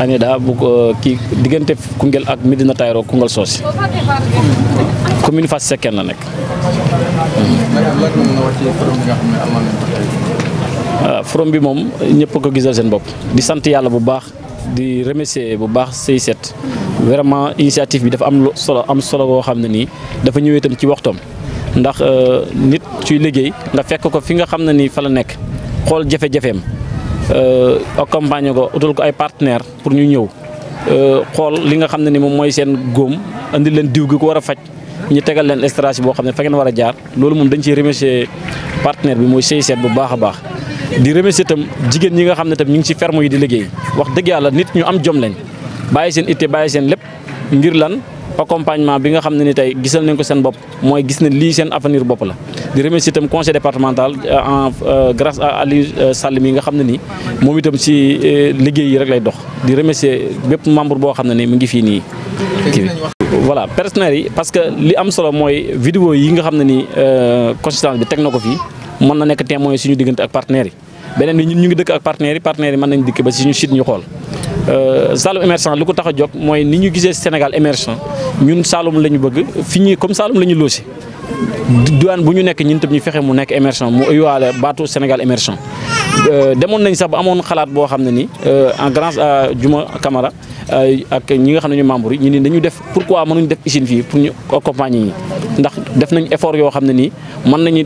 ANIDA bu euh, kii diggante Koungheul ak Medina Tayro Koungheul Socé commune Fass Cekkeen na nekk. waaw hmm. ah, forom bi moom ñëpp ko gisal seen bopp di sant yàlla bu baax di remercier bu baax ci vraiment initiative bi dafa am solo am solo boo xam ne nii dafa ñëwee itam ci waxtoom ndax euh, nit suy liggéey nga fekk ko fi nga xam ne nii fa la nekk xool jafe-jafeem. euh accompagner ko utul ko ay partenaire pour ñu ñëw euh xol li nga xamné ni mom moy sen gom andi len diw gi ko wara fajj ñu tégal len stratégie bo xamné fa ngeen wara jaar lolu mom dañ ci remercier partenaire bi moy CICET bu baaxa baax di remercier tam jigen ñi nga xamné tam ñu ci ferme yi di liggéey wax deug yalla nit ñu am jom lañ bayyi sen ité bayyi sen lepp ngir lan accompagnement bi nga xamni ni tay gissal nañ ko sen bop moy giss na li sen avenir bop la di remercier tam conseil départemental euh, en euh, grâce à Ali euh, Sall nga xamni ni mom itam si liguey yi rek lay dox di remercier bép membre bo xamni ni mi ngi fi ni voilà personnel yi parce que li am solo moy vidéo yi nga xamni ne ni consistance bi teg na ko fii mën na nek témoin suñu digënt ak partenaire yi benen ñun ñu ngi dëkk ak partenaire yi partenaire yi man nañ dikk ba suñu site ñu xol Euh, Saloum émergent lu ko tax a jóg mooy ni ñu gisee Sénégal émersion ñun saalum la ñu bëgg fi ñuy comme Saloum la ñu loosi diwaan bu ñu nekk ñun tam ñu fexe mu nekk émergent mu uyuwaale baatu Sénégal émergent euh, demoon nañ sax bu amoon xalaat boo xam ne ni euh, en grâce à Juma Camara ak ñi nga xam nañu ñu membre yi ñu ne dañu def pourquoi mënuñ def usine fii pour ñu accompagner ñi ndax def nañ effort yoo xam ne nii mën nañu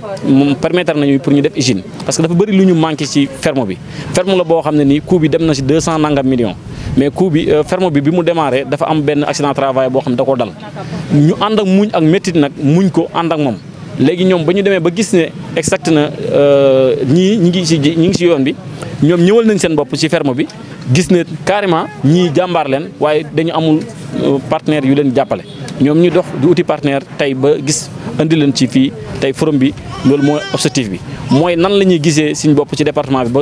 permettre nañu pour ñu def usine parce que dafa bëri lu ñu manqué ci ferme bi ferme la boo xam ne nii coût bi dem na si deux cent nangam millions mais coût bi euh, ferme bi bi mu démarré dafa am benn accident travail boo xam ne da dal ñu ànd ak muñ ak métit nag muñ ko ànd ak moom léegi ñoom ba ñu demee ba gis ne exact na euh, ñii ñi ngi si ñi ngi si yoon bi ñoom ñëwal nañ seen bopp ci ferme bi gis ne carrément ñii jàmbaar leen waaye dañu amul euh, partenaire yu leen jàppale ñoom ñu dox di uti partenaire tey ba gis indi leen ci fii tey forum bi loolu mooy objectif bi mooy nan la ñuy gisee suñ bopp ci département bi ba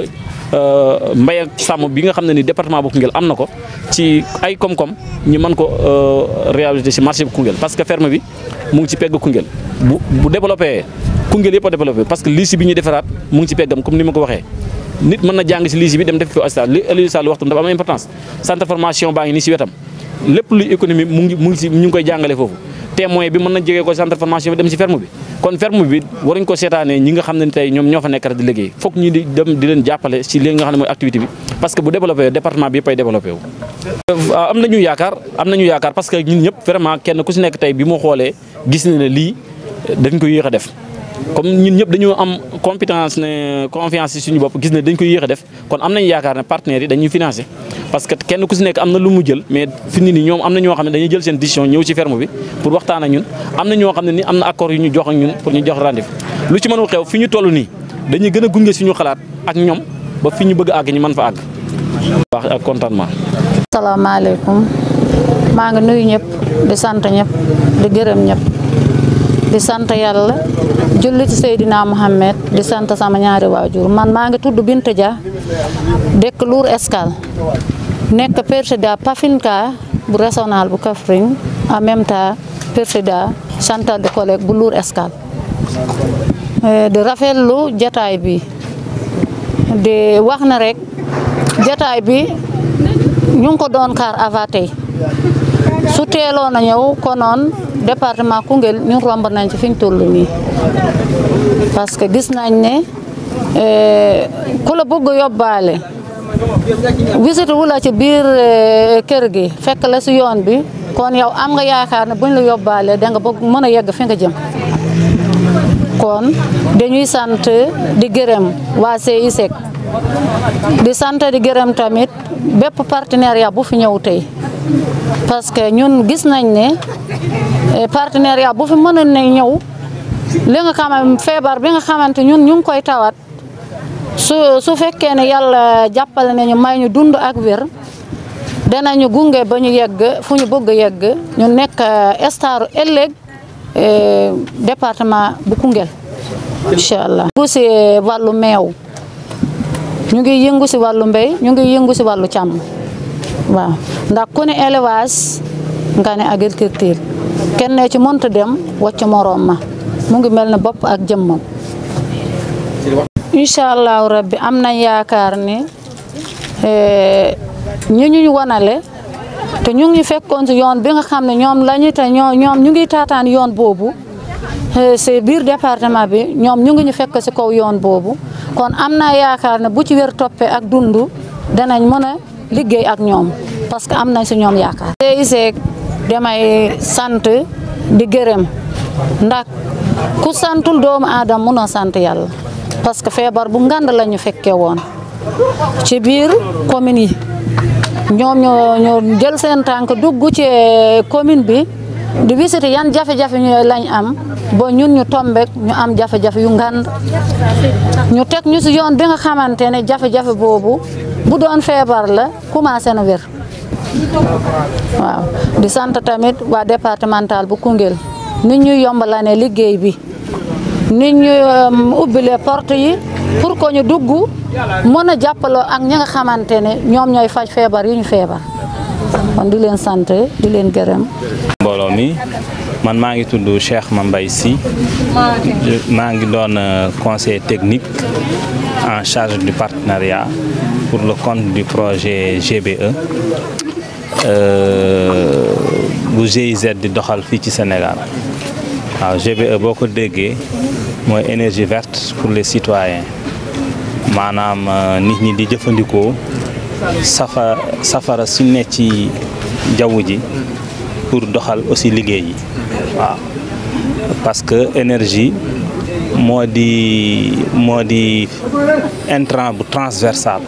euh, mbay ak sàmm bi nga xam ne ni département bu Koungheul am na ko ci ay koom-koom ñu mën ko euh, réaliser ci marché bu Koungheul parce que ferme bi mu ngi ci pegg Koungheul bu bu développé Koungheul yëpp a développé parce que lycée bi ñuy defaraat mu ngi ci peggam comme ni ma ko waxee nit mën na jàng ci lycée bi dem def ko stage li Aliou baa ngi nii ci wetam lépp luy économie mu ngi mu ngi si ñu ngi koy jàngale foofu témoin bi mën na jege ko centre formation bi dem si ferme bi kon ferme bi waruñ ko seetaanee ñi nga xam ne tey ñoom ñoo fa nekk rek di liggéey foog ñu di dem di leen jàppale si li nga xam ne mooy activité bi parce que bu développé département bi yëpp ay développé wu euh, am nañu yaakaar am nañu yaakaar parce que ñun ñëpp vraiment kenn ku si nekk tey bi mu xoolee gis na ne lii dañ ko yéex a def comme ñun ñëpp dañoo am compétence ne confiance ci ñu bopp gis ne dañ koy yéex a def kon am nañu yaakaar ne partenaires yi dañuy financer parce que kenn ku si nekk am na lu mu jël mais fi ni ñoom am na ñoo xam ne dañuy jël seen décision ñëw ci ferme bi pour waxtaan ak ñun am na ñoo xam ne ni am na accord yu ñu jox ñun pour ñu jox rendez-vous lu ci mënul xew fi ñu toll nii dañuy gën gunge suñu xalaat ak ñoom ba fi ñu bëgg a ñu man fa ag baax ak contentement. asalaamaaleykum maa ngi nuyu ñëpp di sant ñëpp di gërëm ñëpp di sant yàlla jullit sayidina Mohamed di sante sama ñaari wajur man ma nga tuddu bint Dia dekk Lour escal nek perseda Pafinka bu régional bu kafrin en même temps perseda de kolek bu Lour escal eh, de rafelu jotaay bi de waxna rek jotaay bi ñu ko doon kar avatay su teeloon a ñëw konoon département Koungheul ñun romb nañ ci fi ñu toll parce que gis nañ ne euh, ku la bëgg yóbbaale visite wu la ci biir euh, kër gi fekk la si yoon bi kon yow am nga yaakaar ne buñ la yóbbaalee da nga bëgg mën a yegg fi nga jëm kon dañuy sant di gërëm waa CICEC e di sant di gërëm tamit bépp partenariat bu fi ñëw tey parce que ñun gis nañ ne eh, partenariat bu fi mënoon ne ñëw li nga xam feebar bi nga xamante ñun ñu ngi koy tawat su su fekkee ne yàlla jàppale nañu may ñu dund ak wér danañu gunge ba ñu yegg fu ñu bëgg yegg ñu nekk eh, staru ëllëg eh, département bu Koungheul incha allah yëngu wàllu meew ñu ngi yëngu si wàllu mbéy ñu ngi yëngu si wàllu càmm wa ndax ku ne élevage nga ne agriculture kenn ci monte dem wacc morom ma mu ngi mel ne ak jëmmam inshallah rabbi amna yaakar ni euh ñu ñu wanale te ñu ngi fekkon ci yoon bi nga xam ne ñoom lañu te ñom ñu ngi tataan yoon bobu si eh, biir département bi ñom ñu ngi ñu fekk ci kaw yoon bobu kon amna yaakar yaakaar ne bu ci wër topé ak dundu danañ mëna liggéey ak ñoom parce que am nañ si ñoom yaakaar DIC damay sant di gërëm ndax ku santul doomu aadama munoo sant yàlla parce que feebar bu ngand la ñu fekkee woon ci biir commune yi ñoom ñoo ñoo jël seen tànk dugg ci commune bi di visiter yan jafe-jafe ñu lañ am bo ñun ñu tombé ñu am jafe-jafe yu ngand ñu tek ñu ci yoon bi nga xamantene jafe-jafe bobu bu doon febar la commencé na wër waaw di sante tamit wa départemental bu kungel nit ñu yombalane liggéey bi nit ñu um, ubbilé porte yi pour ko ñu dugg mëna a ak ñi nga xamante ne faj fébar yi ñu fébar on di len sante, di len gërëm Je man maa ngi Cheikh Mambay si maa don euh, conseiller technique en charge du partenariat pour le compte du projet GBE euh GIZ di doxal fi ci Sénégal Le GBE beaucoup ko moy énergie verte pour les citoyens manam euh, nit ñi di jëfëndiko safa safara su ne ci jaww pour doxal aussi liguey yi waaw parce que énergie moo di moo di intrant bu transversal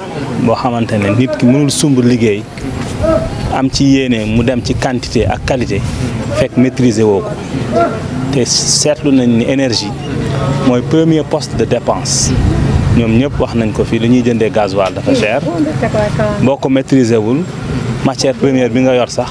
bo xamantene nit ki mënul sumb liguey am ci yene mu dem ci quantité ak qualité fek maîtriser woko té te nañ ni énergie moy premier poste de dépense ñom ñep wax nañ ko fi li ñuy jëndé gasoil dafa cher boko maîtriser wul matière première bi nga yor sax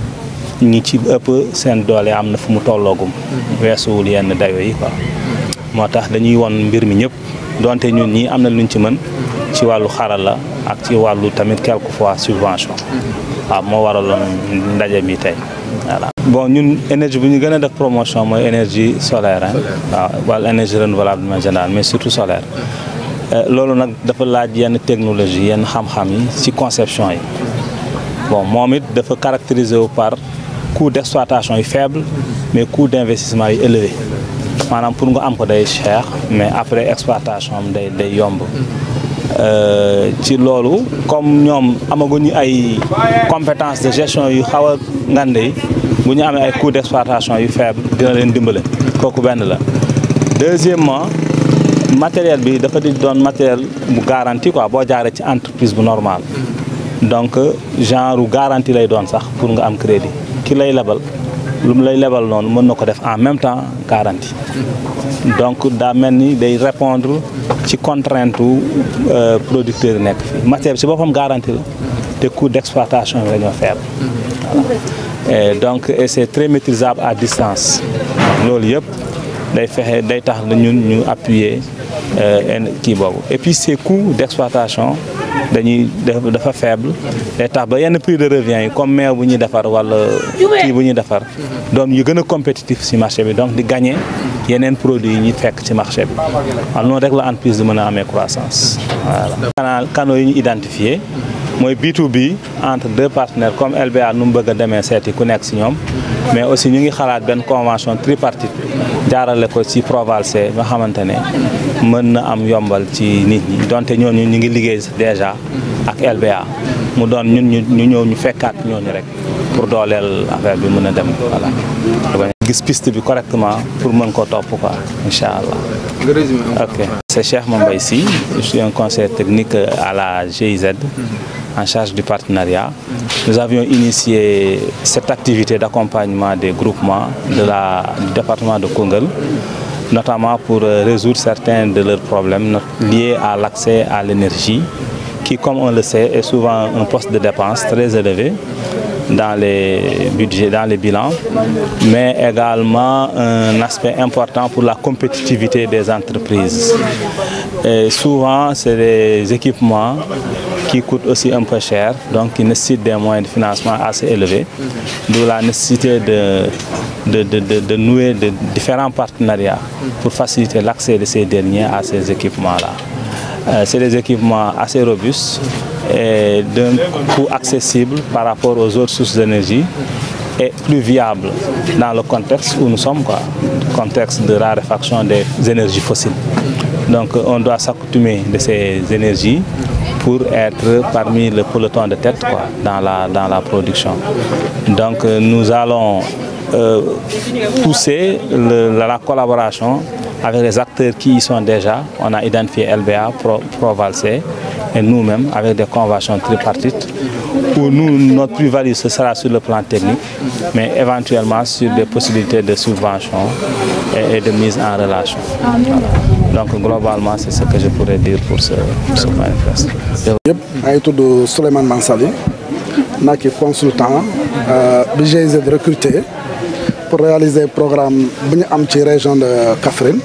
ci ëpp seen doole am na fu mu tolloogum weesuwul yenn dayo yi tax dañuy won mbir mi ñëpp donte ñun ñii am na luñ ci mën ci wàllu xarala ak ci wàllu tamit quelquefois subvention waaw moo waraloon ndaje mi tey voilà bon ñun énergie bu ñu gën a def promotion mooy énergie solaire waaw wala énergie renouvelable en mais surtout solaire euh, loolu nag dafa laaj yenn technologie yenn xamxam yi ci conception yi bon moom it dafa caractériser wu par coût d'exploitation est faible, mais coût d'investissement est élevé. Maintenant, pour nga am ko cher mais après exploitation am day des yomb euh, ci comme nous avons des compétences de gestion nous avons un coût coûts d'exploitation faibles, faible dina deuxièmement matériel bi dafa matériel bu garanti quoi une entreprise normale. Donc, donc genre garantie lay doon sax pour nga am crédit qui lay le lu mu lay lebal noonu mën en même temps garantie donc d'amener de répondre day répondre ci contrainte euh, producteurs yi matière bi si boppam garantie te d'exploitation yi faire. donc et c'est très maîtrisable à distance Nous, les, day fexe day tax appuyer euh, et puis ces coûts d'exploitation dañuy dafa faible des tax ba prix de revient comme le maire ñuy defar wala donc bu ñuy defar doom yu a compétitif nous marché bi donc di a un produits qui fait sur ci marché bi waaw noonu rek la entreprise de monnaie croissance voilà canal est identifié mooy B2B entre deux partenaires comme LBA nous avons bëgg a mais aussi nous avons une convention tripartite jaarale ko ci Provalcé nga xamante ne mën na am yombal ci nit ñi donte ñooñu ñu ngi liggéey déjà ak LBA mu doon ñun ñu ñëw ñu fekkaat ñooñu rek pour dooleel affaire bi mën a dem voilà. gis piste bi correctement pour mën ko topp quoi incha allah. ok c'est Cheikh Mambay si je suis un conseiller technique à la GIZ en charge du partenariat. Nous avions initié cette activité d'accompagnement des groupements de la, du département de Kongol, notamment pour euh, résoudre certains de leurs problèmes liés à l'accès à l'énergie, qui, comme on le sait, est souvent un poste de dépense très élevé dans les budgets, dans les bilans, mais également un aspect important pour la compétitivité des entreprises. souvent, c'est les équipements qui coûte aussi un peu cher, donc qui nécessite des moyens de financement assez élevés, d'où la nécessité de, de, nouer différents partenariats pour faciliter l'accès de ces derniers à ces équipements-là. Euh, c'est des équipements assez robustes et d'un coût accessible par rapport aux autres sources d'énergie et plus viable dans le contexte où nous sommes, le contexte de raréfaction des énergies fossiles. Donc on doit s'accoutumer de ces énergies pour être parmi le peloton de tête dans, la, dans la production. Donc nous allons euh, pousser la collaboration avec les acteurs qui y sont déjà. On a identifié LBA, Pro, et nous-mêmes avec des conventions tripartites où nous, notre plus-value, ce sera sur le plan technique, mais éventuellement sur des possibilités de subvention et, de mise en relation donc globalement c'est ce que je pourrais dire pour ce, ce manifeste. Je suis ngi Mansali consultant euh, bi recruté pour réaliser programme de la région de Kaffrine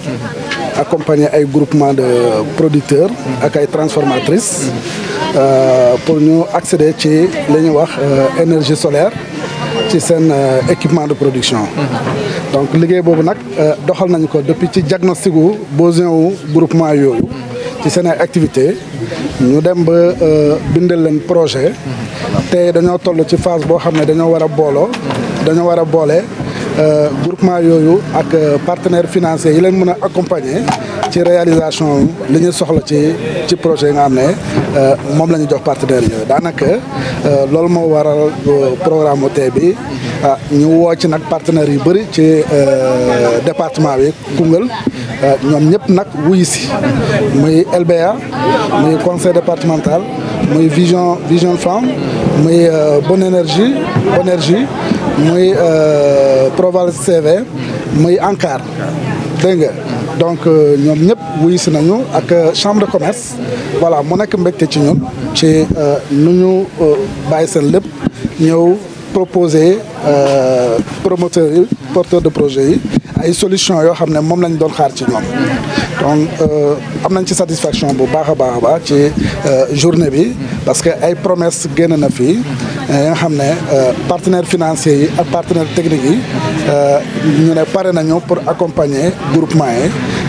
accompagner un groupement de producteurs et de transformatrices euh, pour nous accéder à l'énergie euh, énergie solaire ci seen euh, équipement de production. Mm-hmm. donc liggéey boobu nag euh, doxal nañ ko depuis ci diagnostic wu besoin groupement yooyu. Mm-hmm. ci seen activité ñu dem ba euh, bindal leen projet. Mm-hmm. te dañoo toll ci phase boo xam ne dañoo war a booloo. dañoo war a boole groupement yooyu ak partenaires financiers yi leen mën a accompagner. ci réalisation li ñu soxla ci ci projet nga xam euh mom lañu jox partenaire yooyu euh loolu mo waral euh, programme OT bi ah ñu wo ci nak partenaire yu bari ci euh département bi Koungheul ah, ñoom ñëpp nag wuyu si muy LBA muy conseil départemental muy vision vision femme muy euh, bonne énergie bonne énergie muy euh Proval CV muy encar dégg donc nous sommes tous si nañu ak euh, chambre de commerce voilà mon nekk est ci nous, ci euh, nu euh, nous proposer promoteurs porteurs de projet ay solution yoo xam ne moom lañ doon xaar ci ñoom donc euh, am nañ ci satisfaction bu baax a baax a baax ci euh, journée bi parce que ay promesse génn na fii yi nga xam ne euh, partenaires financiers yi ak partenaires techniques yi ñu ne pare nañu pour accompagner groupement yi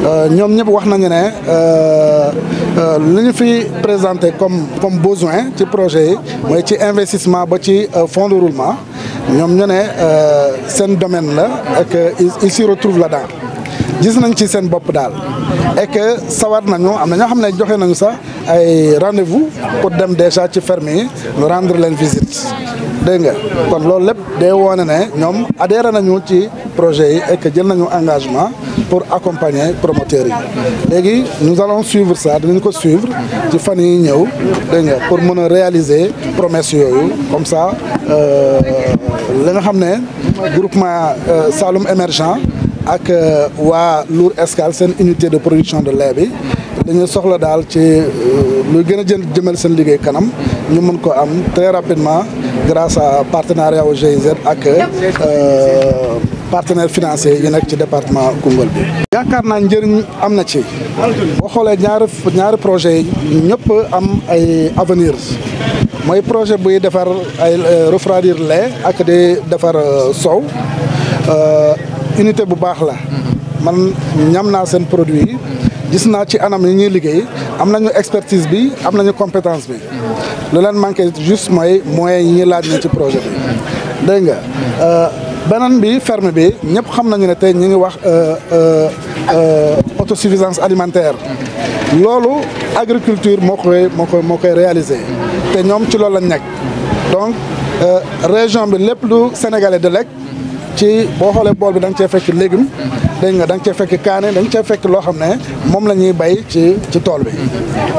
Nous euh, avons wax nañu que nous euh, euh, ñu présenté comme besoin ci projet comme investissement ba fonds de roulement Nous ñu c'est un domaine là, et se s'y retrouvent là-dedans gis nañ ci seen bopp daal et que sawar nañu am na ñoo xam ne joxe nañu sax ay rendez-vous pour dem déjà ci ferme yi ñu rendre leen visite dégg nga kon loolu lépp day woone ne ñoom adhéré nañu ci projet yi et que jël nañu engagement pour accompagner promoteur yi léegi nous allons suivre ça dinañ ko suivre ci fan yi ñëw dégg nga pour mën a réaliser promesse yooyu comme ça euh, la nga xam ne groupement euh, Saloum émergent ak euh, Wa Lour Escale seen unité de production de lait bi dañu soxla daal ci euh, lu gën a jël jëmal seen liggéey kanam ñu mën ko am très rapidement grâce à partenariat au GIZ ak euh, partenaires financiers yi nekk ci département Koungheul bi. yaakaar naa njëriñ am na ci boo xoolee ñaari ñaari projets yi ñëpp am ay avenir mooy projet buy defar ay refroidir lait ak di defar soow unité bu baax la man ñam naa seen produit yi gis naa ci anam yi ñuy liggéey am nañu expertise bi am nañu compétence bi lu leen manqué juste mooy moyens yi ñuy laaj na ci projet bi dégg nga euh, beneen bi ferme bi ñëpp xam nañu ne tey ñu ngi wax euh, euh, autosuffisance alimentaire loolu agriculture moo koy moo koy moo koy réaliser te ñoom ci loolu lañ nekk donc région bi lépp lu sénégalais de lekk ci boo xoolee bool bi danga cee fekk légume dégg nga da nga cee fekk kaane da nga cee fekk loo xam ne moom la ñuy bay ci ci tool bi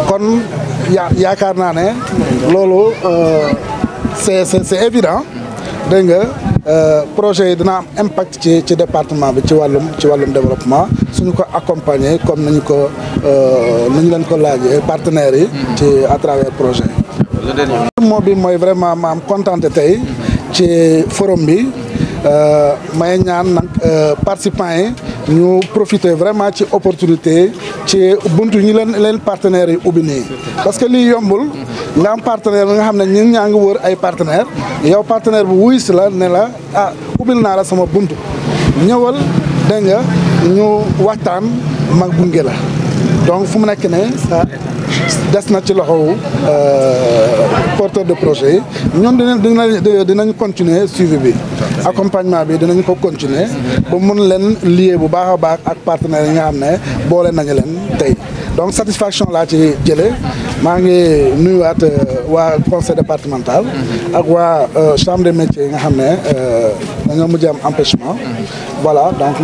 kon yaa yaakaar naa ne loolu euh, c'est c'est c'est évident dégg nga euh, projet yi dana am impact ci ci département bi ci wàllum ci wàllum développement suñu ko accompagner comme nañu ko euh, nañu leen ko laajee partenaires yi ci à travers projet yi moo bi mooy vraiment ma am kontaan tey ci forum bi Euh, may ñaan nag euh, participants yi ñu profiter vraiment ci opportunité ci buntu ñu leen leen partenaires yi ubbi nii parce que lii yombul nga am partenaire bi nga xam ne ñu ñaa ngi wër ay partenaire yow partenaire bu wuy la ne la ah ubbil naa la sama buntu ñëwal dégg nga ñu waxtaan mag bunge la donc fu mu nekk ne des na ci loxow euh, porteur de projet yi ñoom dinañ dinañ continuer suivi bi accompagnement bi dinañ ko continuer ba mun leen lié, bu baax a baax ak partenaires yi nga xam ne boole nañu leen tey donc satisfaction laa ci jëlee maa ngi nuyuwaat euh, waa conseil départemental ak waa euh, chambre des métiers yi nga xam ne dañoo mujj am empêchement voilà donc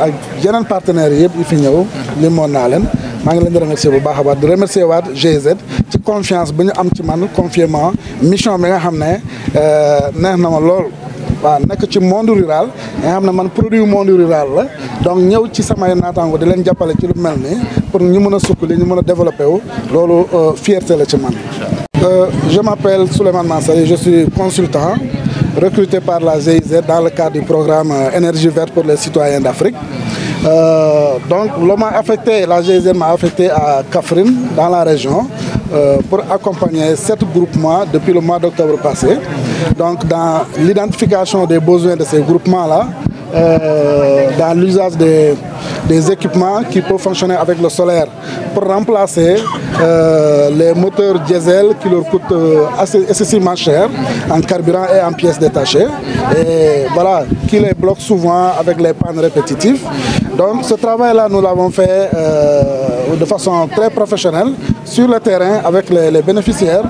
ak yeneen partenaires yëpp yi fi ñëw limoon naa leen maa ngi leen di remercier bu baax a baax di remercier waat GIZ ci confiance bi ñu am ci man confier mission bi nga xam ne euh, neex na ma lool waaw nekk ci monde rural nga xam ne man produit monde rural la donc ñëw ci samay naataango di leen jàppale ci lu mel pour ñu mën a sukkali ñu mën a wu loolu euh, fierté la ci man euh, je m'appelle Souleymane Mansary je suis consultant recruté par la GIZ dans le cadre du programme énergie verte pour les citoyens d'Afrique euh, donc l'homme affecté, la GSM m'a affecté à Kafrine, dans la région, euh, pour accompagner sept groupements depuis le mois d'octobre passé. Donc dans l'identification des besoins de ces groupements-là, euh, dans l'usage des des équipements qui peuvent fonctionner avec le solaire pour remplacer euh, les moteurs diesel qui leur coûtent euh, assez, excessivement cher en carburant et en pièces détachées. Et voilà, qui les bloquent souvent avec les pannes répétitives. Donc ce travail-là, nous l'avons fait euh, de façon très professionnelle sur le terrain avec les bénéficiaires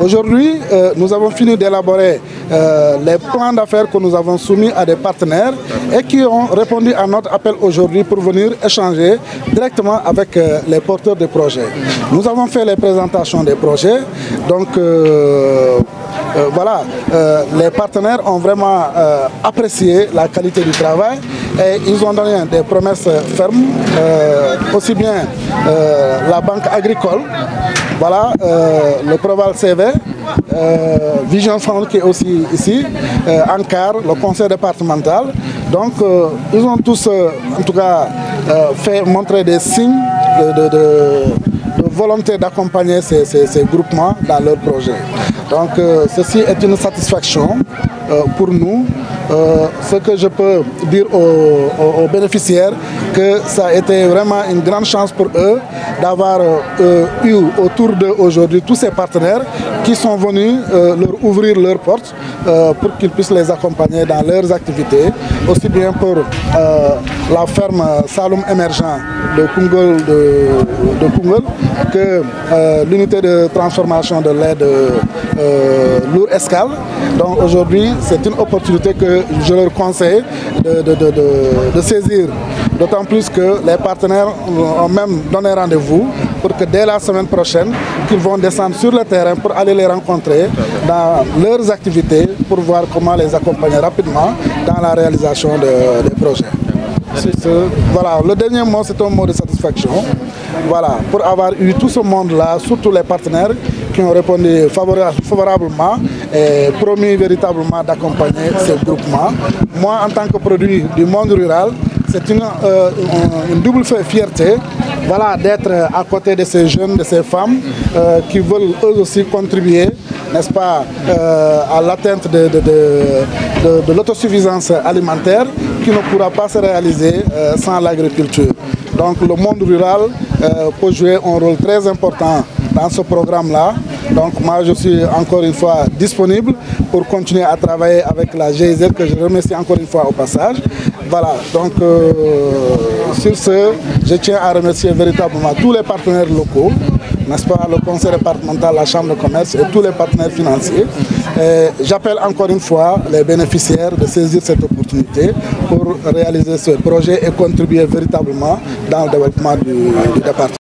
Aujourd'hui, euh, nous avons fini d'élaborer euh, les plans d'affaires que nous avons soumis à des partenaires et qui ont répondu à notre appel aujourd'hui pour venir échanger directement avec euh, les porteurs de projets. Nous avons fait les présentations des projets, donc voilà, les partenaires ont vraiment apprécié la qualité du travail et ils ont donné des promesses fermes, aussi bien la banque agricole voilà, euh, le Proval CV, euh, Vision Sound qui est aussi ici, euh, Ankar, le conseil départemental. Donc, euh, ils ont tous, en tout cas, fait montrer des signes de, volonté d'accompagner ces, groupements dans leur projet. Donc, ceci est une satisfaction pour nous. ce que je peux dire aux bénéficiaires, que ça a été vraiment une grande chance pour eux d'avoir euh, eu autour d'eux aujourd'hui tous ces partenaires qui sont venus euh, leur ouvrir leurs portes euh, pour qu'ils puissent les accompagner dans leurs activités, aussi bien pour la ferme Saloum émergent de Kungol, de, que l'unité de transformation de lait de Escale. Donc aujourd'hui, c'est une opportunité que je leur conseille de, de saisir, d'autant plus que les partenaires ont même donné rendez-vous pour que dès la semaine prochaine, qu'ils vont descendre sur le terrain pour aller les rencontrer dans leurs activités pour voir comment les accompagner rapidement dans la réalisation des projets. voilà, le dernier mot, c'est un mot de satisfaction. Voilà, pour avoir eu tout ce monde-là, surtout les partenaires qui ont répondu favorablement et promis véritablement d'accompagner ce groupement. Moi, en tant que produit du monde rural, c'est une, euh, double fierté voilà, d'être euh, à côté de ces jeunes, de ces femmes euh, qui veulent eux aussi contribuer n'est-ce pas, à l'atteinte de, de l'autosuffisance alimentaire qui ne pourra pas se réaliser sans l'agriculture. Donc le monde rural peut jouer un rôle très important dans ce programme-là. Donc moi je suis encore une fois disponible pour continuer à travailler avec la GIZ que je remercie encore une fois au passage. Voilà, donc euh, sur ce, je tiens à remercier véritablement tous les partenaires locaux, n'est-ce pas, le conseil départemental, la chambre de commerce et tous les partenaires financiers. J'appelle encore une fois les bénéficiaires de saisir cette opportunité pour réaliser ce projet et contribuer véritablement dans le développement du département.